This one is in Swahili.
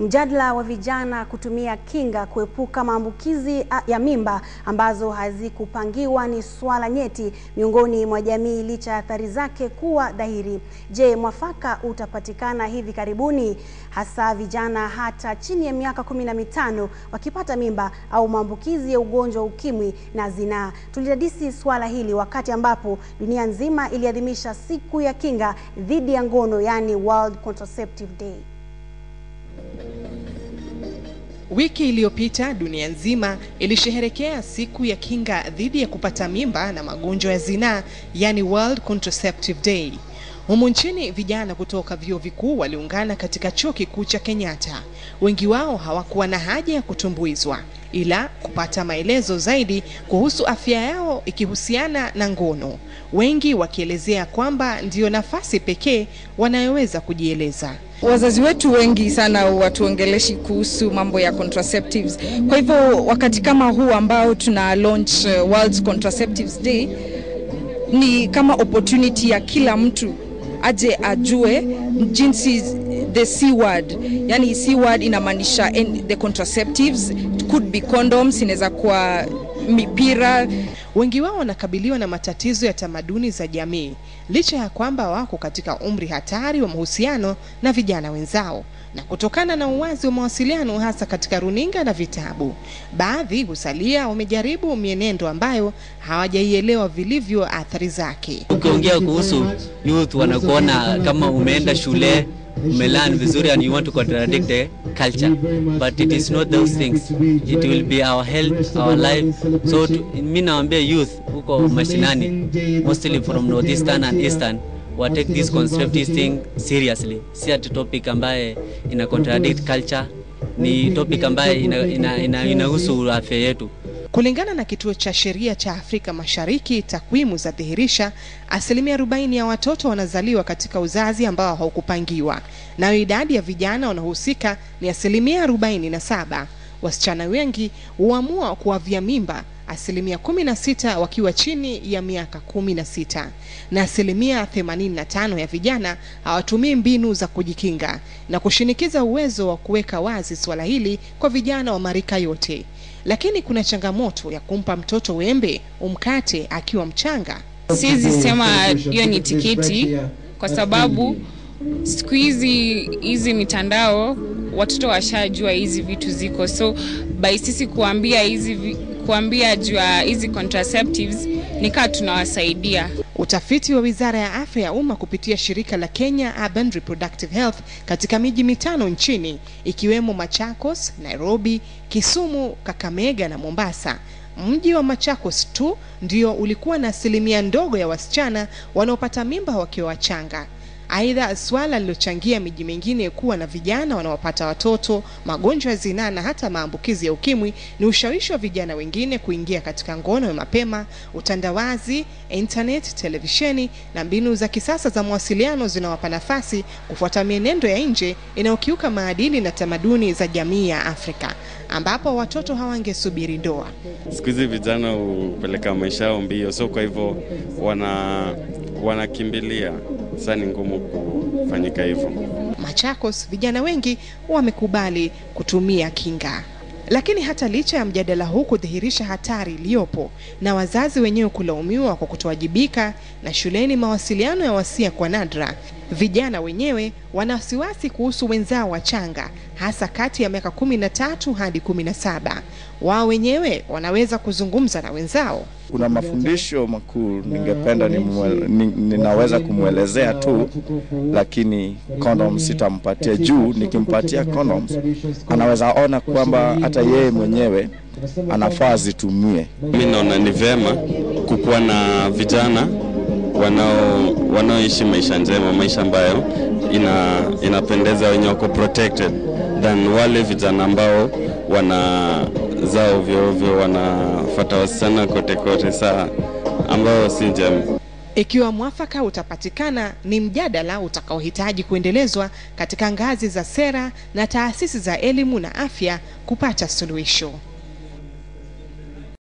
Mjadala wa vijana kutumia kinga kuepuka maambukizi ya mimba ambazo hazikupangiwa ni swala nyeti miongoni mwa jamii licha ya athari zake kuwa dhahiri. Je, mwafaka utapatikana hivi karibuni hasa vijana hata chini ya miaka kumi na mitano wakipata mimba au maambukizi ya ugonjwa UKIMWI na zinaa? Tulidadisi swala hili wakati ambapo dunia nzima iliadhimisha siku ya kinga dhidi ya ngono, yani World Contraceptive Day. Wiki iliyopita dunia nzima ilisherehekea siku ya kinga dhidi ya kupata mimba na magonjwa ya zinaa, yani World Contraceptive Day. Humu nchini vijana kutoka vyuo vikuu waliungana katika Chuo Kikuu cha Kenyatta. Wengi wao hawakuwa na haja ya kutumbuizwa ila kupata maelezo zaidi kuhusu afya yao ikihusiana na ngono, wengi wakielezea kwamba ndiyo nafasi pekee wanayoweza kujieleza. Wazazi wetu wengi sana watuongeleshi kuhusu mambo ya contraceptives. Kwa hivyo wakati kama huu ambao tuna launch uh, World Contraceptives Day ni kama opportunity ya kila mtu aje ajue jinsi the C word, yani C word inamaanisha the contraceptives could be condoms, inaweza kuwa mipira. Wengi wao wanakabiliwa na matatizo ya tamaduni za jamii, licha ya kwamba wako katika umri hatari wa mahusiano na vijana wenzao na kutokana na uwazi wa mawasiliano hasa katika runinga na vitabu, baadhi husalia wamejaribu mienendo ambayo hawajaielewa vilivyo athari zake. Ukiongea kuhusu youth, wanakuona kama umeenda shule learn vizuri and you want to contradict the culture but it is not those things it will be our health our life so mi naambia youth huko mashinani mostly from northeastern and eastern wa take this conservative thing seriously si ati topic ambaye ina contradict culture ni topic ambaye inahusu ina, ina, ina afya yetu Kulingana na kituo cha sheria cha Afrika Mashariki, takwimu zadhihirisha asilimia arobaini ya watoto wanazaliwa katika uzazi ambao haukupangiwa, nayo idadi ya vijana wanaohusika ni asilimia arobaini Wasichana wengi huamua kuwavia mimba asilimia 16 wakiwa chini ya miaka 16 na asilimia 85 ya vijana hawatumii mbinu za kujikinga na kushinikiza uwezo wa kuweka wazi suala hili kwa vijana wa marika yote lakini kuna changamoto ya kumpa mtoto wembe umkate akiwa mchanga. Siwezi sema hiyo ni tikiti kwa sababu siku hizi hizi mitandao watoto washajua hizi vitu ziko, so by sisi kuambia hizi kuambia jua hizi contraceptives nikaa tunawasaidia. Utafiti wa Wizara ya Afya ya Umma kupitia shirika la Kenya Urban Reproductive Health katika miji mitano nchini ikiwemo Machakos, Nairobi, Kisumu, Kakamega na Mombasa. Mji wa Machakos tu ndio ulikuwa na asilimia ndogo ya wasichana wanaopata mimba wakiwa wachanga. Aidha, swala lilochangia miji mingine kuwa na vijana wanaopata watoto, magonjwa ya zinaa na hata maambukizi ya ukimwi ni ushawishi wa vijana wengine kuingia katika ngono ya mapema, utandawazi, internet, televisheni na mbinu za kisasa za mawasiliano zinawapa nafasi kufuata mienendo ya nje inayokiuka maadili na tamaduni za jamii ya Afrika ambapo watoto hawangesubiri ndoa. Siku hizi vijana hupeleka maisha yao mbio, so kwa hivyo wana wanakimbilia sasa ni ngumu kufanyika hivyo. Machakos, vijana wengi wamekubali kutumia kinga, lakini hata licha ya mjadala huu kudhihirisha hatari iliyopo na wazazi wenyewe kulaumiwa kwa kutowajibika na shuleni mawasiliano ya wasia kwa nadra, Vijana wenyewe wana wasiwasi kuhusu wenzao wachanga, hasa kati ya miaka kumi na tatu hadi kumi na saba. Wao wenyewe wanaweza kuzungumza na wenzao. Kuna mafundisho makuu ningependa ninaweza kumwelezea tu, lakini kondom sitampatia juu. Nikimpatia kondom, anaweza ona kwamba hata yeye mwenyewe anafaa zitumie Mimi naona ni vema kukuwa na vijana wanao wanaoishi maisha njema, maisha ambayo ina, inapendeza, wenye wako protected than wale vijana ambao wanazaa ovyo ovyo, wanafuata wasichana kote kote, saa ambao si njema. Ikiwa mwafaka utapatikana, ni mjadala utakaohitaji kuendelezwa katika ngazi za sera na taasisi za elimu na afya kupata suluhisho.